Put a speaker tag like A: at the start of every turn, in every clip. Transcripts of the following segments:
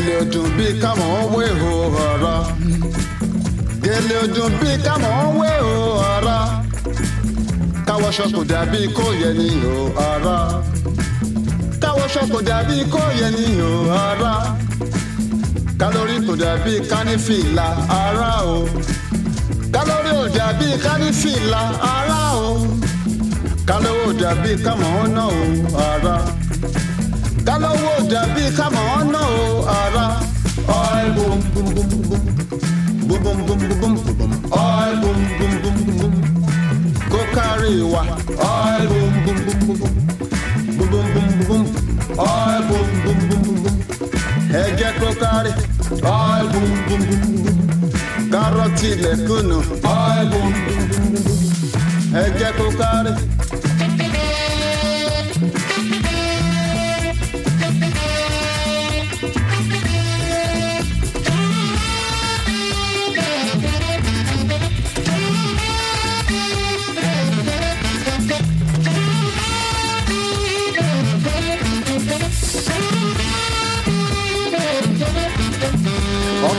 A: gèlè odùn bí káwọn wé ho ọ̀rọ̀ gèlè odùn bí káwọn wé ho ọ̀rọ̀ káwọṣọ kò dàbí kò yẹ ni o ọ̀rọ̀ káwọṣọ kò dàbí kò yẹ ni o ọ̀rọ̀ kálórì kò dàbí kánífìlà ara o kálórì ò dàbí kánífìlà ara o kálórì ò dàbí kámọ̀ ọ́nà o ara. kálọ́wọ́ dàbí kámọ́ ọ̀nà o ara oil boom boom boom boom boom boom boom boom boom oil boom boom boom boom kó kárí wa oil boom boom boom boom boom boom boom boom oil boom boom boom boom boom ẹ jẹ́ kó kárí oil boom boom boom boom kárọ̀tì lẹ́kùnù oil boom boom boom boom ẹ jẹ́ kó kárí.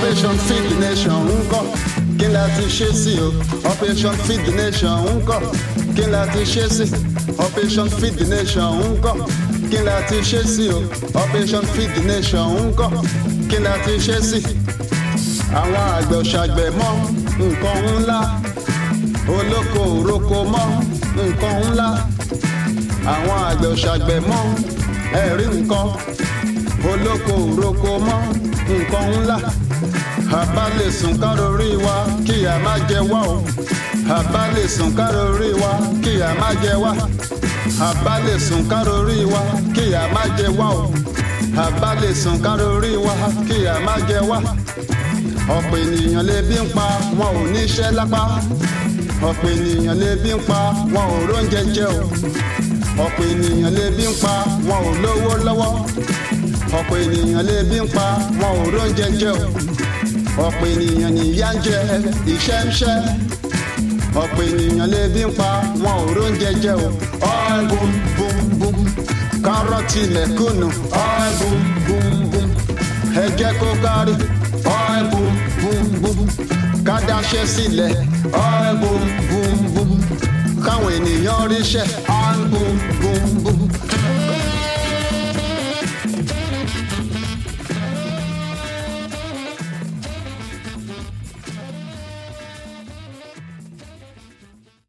A: operation feed the nation ń kọ́ kí la ti ṣe sí o operation feed the nation ń kọ́ kí la ti ṣe sí operation feed the nation ń kọ́ kí la ti ṣe sí o operation feed the nation ń kọ́ kí la ti ṣe sí àwọn àgbẹ̀ òṣàgbẹ̀ mọ́ nǹkan ńlá olóko òroko mọ́ nǹkan ńlá àwọn àgbẹ̀ òṣàgbẹ̀ mọ́ ẹ̀rí nǹkan olóko òroko mọ́ nǹkan ńlá àbá lè sùn kárórí wa kí a má jẹ wá o àbá lè sùn kárórí wa kí a má jẹ wá àbá lè sùn kárórí wa kí a má jẹ wá o àbá sùn kárórí wa kí a má jẹ wá ọ̀pọ̀ ènìyàn lè bí ń pa wọn ò níṣẹ́ lápá ọ̀pọ̀ ènìyàn lè bí ń pa wọn ò róúnjẹ jẹ o ọ̀pọ̀ ènìyàn lè bí ń pa wọn ò lówó lọ́wọ́ ọ̀pọ̀ ènìyàn lè bí ń pa wọn ò róúnjẹ jẹ o ọ̀pọ̀ ènìyàn nìyà ń jẹ iṣẹ́ ń ṣẹ́ ọ̀pọ̀ ènìyàn lè bí ń pa wọn ò róúnjẹ jẹ o ọ̀ẹ́ bum bum lẹ́kùnù ọ̀ẹ́ bum bum kó kárí ọ̀ẹ́ bum kádàṣẹ́ sílẹ̀ ọ̀ẹ́ bum káwọn ènìyàn ríṣẹ́ ọ̀ẹ́ bum